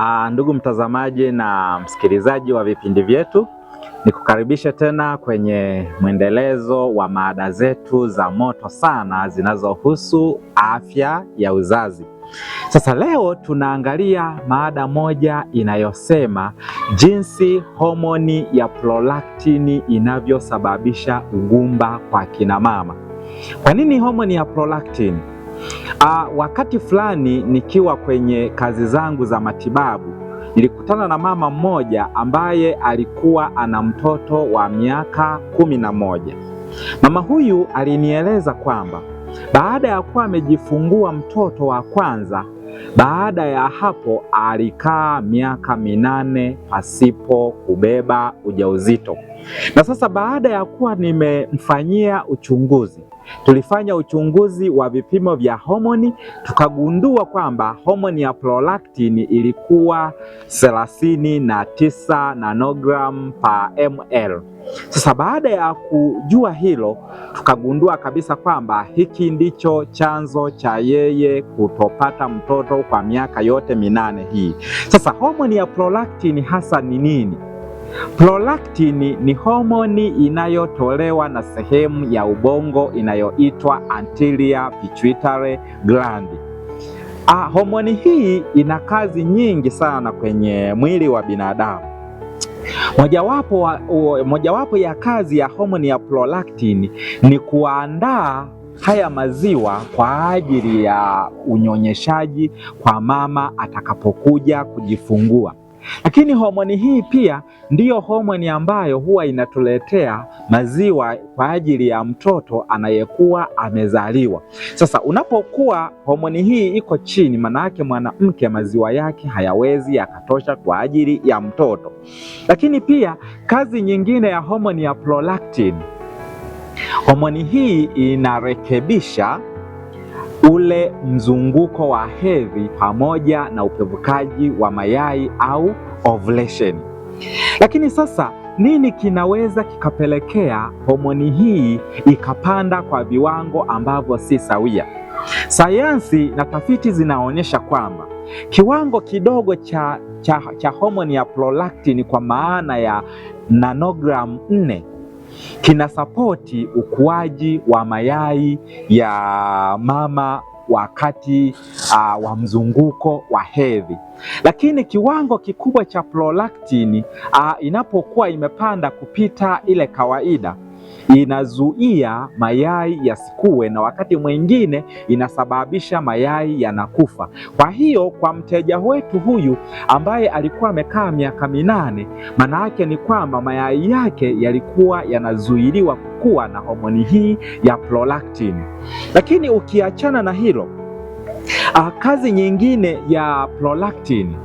Aa, ah, ndugu mtazamaji na msikilizaji wa vipindi vyetu, nikukaribishe tena kwenye mwendelezo wa mada zetu za moto sana zinazohusu afya ya uzazi. Sasa leo tunaangalia mada moja inayosema jinsi homoni ya prolaktini inavyosababisha ugumba kwa kina mama. Kwa nini homoni ya prolaktini? Aa, ah, wakati fulani nikiwa kwenye kazi zangu za matibabu nilikutana na mama mmoja ambaye alikuwa ana mtoto wa miaka kumi na moja. Mama huyu alinieleza kwamba baada ya kuwa amejifungua mtoto wa kwanza, baada ya hapo alikaa miaka minane pasipo kubeba ujauzito. Na sasa baada ya kuwa nimemfanyia uchunguzi, tulifanya uchunguzi wa vipimo vya homoni, tukagundua kwamba homoni ya prolactin ilikuwa 39 na tisa nanogram pa ml. Sasa baada ya kujua hilo, tukagundua kabisa kwamba hiki ndicho chanzo cha yeye kutopata mtoto kwa miaka yote minane hii. Sasa homoni ya prolactin hasa ni nini? Prolactin ni homoni inayotolewa na sehemu ya ubongo inayoitwa anterior pituitary gland. Ah, homoni hii ina kazi nyingi sana kwenye mwili wa binadamu. Mojawapo mojawapo ya kazi ya homoni ya prolactin ni kuandaa haya maziwa kwa ajili ya unyonyeshaji kwa mama atakapokuja kujifungua. Lakini homoni hii pia ndiyo homoni ambayo huwa inatuletea maziwa kwa ajili ya mtoto anayekuwa amezaliwa. Sasa unapokuwa homoni hii iko chini, maana yake mwanamke maziwa yake hayawezi yakatosha kwa ajili ya mtoto. Lakini pia kazi nyingine ya homoni ya prolactin, homoni hii inarekebisha ule mzunguko wa hedhi pamoja na upevukaji wa mayai au ovulation. Lakini sasa nini kinaweza kikapelekea homoni hii ikapanda kwa viwango ambavyo si sawia? Sayansi na tafiti zinaonyesha kwamba kiwango kidogo cha, cha, cha homoni ya prolactin kwa maana ya nanogram 4 kinasapoti ukuaji wa mayai ya mama wakati uh, wa mzunguko wa hedhi. Lakini kiwango kikubwa cha prolactin uh, inapokuwa imepanda kupita ile kawaida inazuia mayai yasikue na wakati mwingine inasababisha mayai yanakufa. Kwa hiyo kwa mteja wetu huyu ambaye alikuwa amekaa miaka minane, maana yake ni kwamba mayai yake yalikuwa yanazuiliwa kuwa na homoni hii ya prolactin. Lakini ukiachana na hilo, ah, kazi nyingine ya prolactin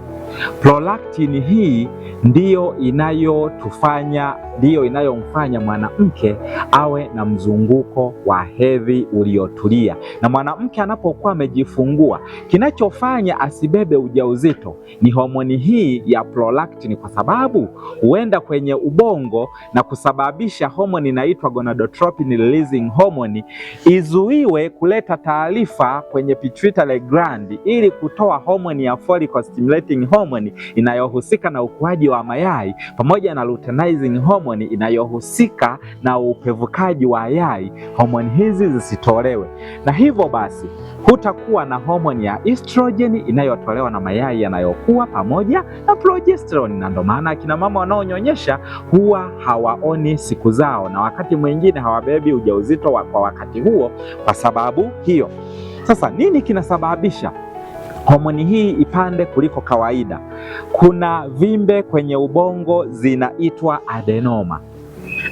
Prolactin hii ndiyo inayotufanya ndiyo inayomfanya mwanamke awe na mzunguko wa hedhi uliotulia. Na mwanamke anapokuwa amejifungua, kinachofanya asibebe ujauzito ni homoni hii ya prolactin, kwa sababu huenda kwenye ubongo na kusababisha homoni inaitwa gonadotropin releasing hormone izuiwe kuleta taarifa kwenye pituitary gland ili kutoa homoni ya follicle stimulating hormone hormone inayohusika na ukuaji wa mayai pamoja na luteinizing hormone inayohusika na upevukaji wa yai, homoni hizi zisitolewe, na hivyo basi hutakuwa na homoni ya estrogen inayotolewa na mayai yanayokuwa pamoja na progesterone, na ndo maana akina mama wanaonyonyesha huwa hawaoni siku zao, na wakati mwingine hawabebi ujauzito kwa wakati huo kwa sababu hiyo. Sasa nini kinasababisha Homoni hii ipande kuliko kawaida. Kuna vimbe kwenye ubongo zinaitwa adenoma.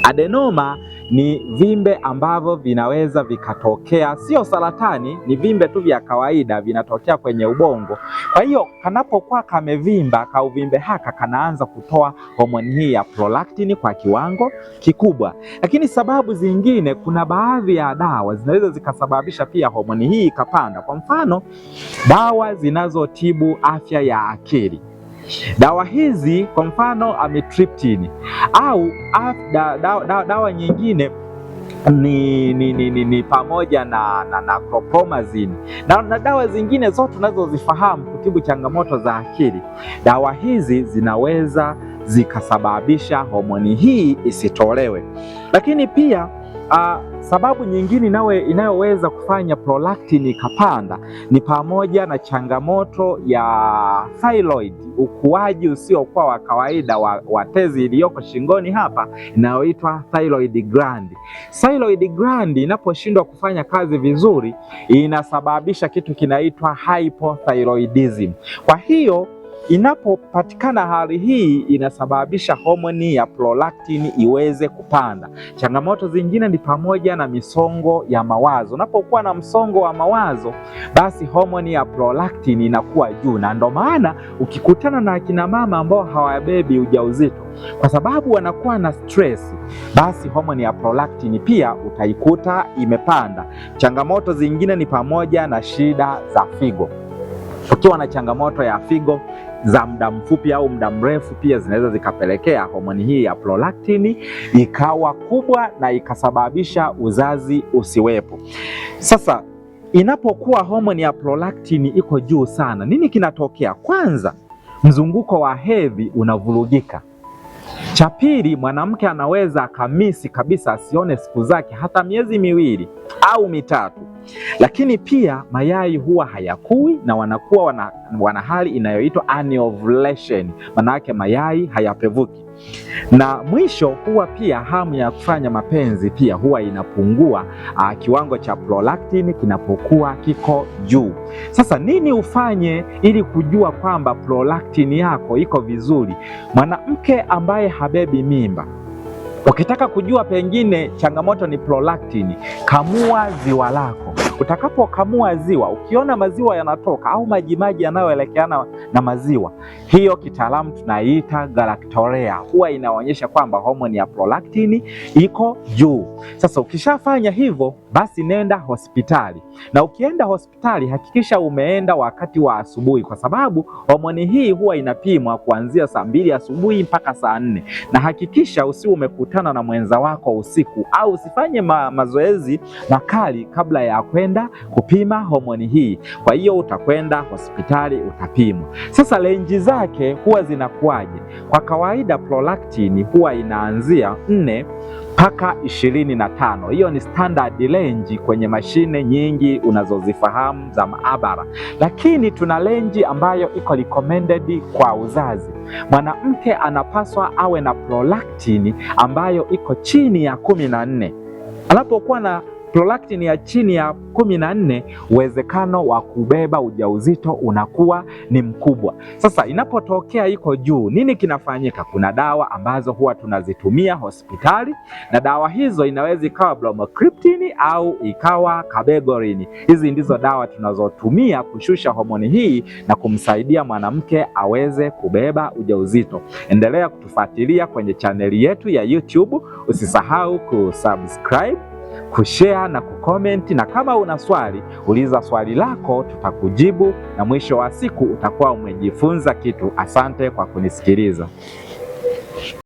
Adenoma ni vimbe ambavyo vinaweza vikatokea, sio saratani, ni vimbe tu vya kawaida vinatokea kwenye ubongo. Kwa hiyo kanapokuwa kamevimba, kauvimbe haka kanaanza kutoa homoni hii ya prolactin kwa kiwango kikubwa. Lakini sababu zingine, kuna baadhi ya dawa zinaweza zikasababisha pia homoni hii ikapanda. Kwa mfano, dawa zinazotibu afya ya akili Dawa hizi kwa mfano amitriptini au dawa, da, dawa nyingine ni, ni, ni, ni, ni pamoja na, na, na clopromazine na, na dawa zingine zote tunazozifahamu kutibu changamoto za akili. Dawa hizi zinaweza zikasababisha homoni hii isitolewe, lakini pia Uh, sababu nyingine nawe inayoweza kufanya prolactin ikapanda ni pamoja na changamoto ya thyroid, ukuaji usiokuwa wa kawaida wa, wa tezi iliyoko shingoni hapa inayoitwa thyroid gland. Thyroid gland inaposhindwa kufanya kazi vizuri inasababisha kitu kinaitwa hypothyroidism. Kwa hiyo Inapopatikana hali hii, inasababisha homoni ya prolactin iweze kupanda. Changamoto zingine ni pamoja na misongo ya mawazo. Unapokuwa na msongo wa mawazo, basi homoni ya prolactin inakuwa juu, na ndo maana ukikutana na akina mama ambao hawabebi ujauzito kwa sababu wanakuwa na stress, basi homoni ya prolactin pia utaikuta imepanda. Changamoto zingine ni pamoja na shida za figo. Ukiwa na changamoto ya figo za muda mfupi au muda mrefu pia zinaweza zikapelekea homoni hii ya prolactin ikawa kubwa na ikasababisha uzazi usiwepo. Sasa inapokuwa homoni ya prolactin iko juu sana, nini kinatokea? Kwanza, mzunguko wa hedhi unavurugika. Cha pili, mwanamke anaweza akamisi kabisa, asione siku zake hata miezi miwili au mitatu, lakini pia mayai huwa hayakui na wanakuwa wana, wana hali inayoitwa aneovulation, maana yake mayai hayapevuki. Na mwisho huwa pia hamu ya kufanya mapenzi pia huwa inapungua, a, ah, kiwango cha prolactin kinapokuwa kiko juu. Sasa nini ufanye ili kujua kwamba prolactin yako iko vizuri? Mwanamke ambaye habebi mimba Ukitaka kujua pengine changamoto ni prolactin, kamua ziwa lako. Utakapokamua ziwa, ukiona maziwa yanatoka au majimaji yanayoelekeana na maziwa, hiyo kitaalamu tunaiita galactorea. Huwa inaonyesha kwamba homoni ya prolactin iko juu. Sasa ukishafanya hivyo, basi nenda hospitali, na ukienda hospitali hakikisha umeenda wakati wa asubuhi, kwa sababu homoni hii huwa inapimwa kuanzia saa mbili asubuhi mpaka saa nne, na hakikisha usi umekutana na mwenza wako usiku au usifanye ma mazoezi makali kabla ya kwenda kwenda kupima homoni hii. Kwa hiyo utakwenda hospitali utapimwa. Sasa renji zake huwa zinakuwaje? Kwa kawaida prolactin huwa inaanzia nne mpaka ishirini na tano. Hiyo ni standard range kwenye mashine nyingi unazozifahamu za maabara, lakini tuna range ambayo iko recommended kwa uzazi. Mwanamke anapaswa awe na prolactin ambayo iko chini ya kumi na nne anapokuwa na prolactin ya chini ya kumi na nne, uwezekano wa kubeba ujauzito unakuwa ni mkubwa. Sasa inapotokea iko juu, nini kinafanyika? Kuna dawa ambazo huwa tunazitumia hospitali, na dawa hizo inaweza ikawa bromocriptine au ikawa cabergoline. Hizi ndizo dawa tunazotumia kushusha homoni hii na kumsaidia mwanamke aweze kubeba ujauzito. Endelea kutufuatilia kwenye chaneli yetu ya YouTube, usisahau kusubscribe kushare na kucomment, na kama una swali uliza swali lako, tutakujibu na mwisho wa siku utakuwa umejifunza kitu. Asante kwa kunisikiliza.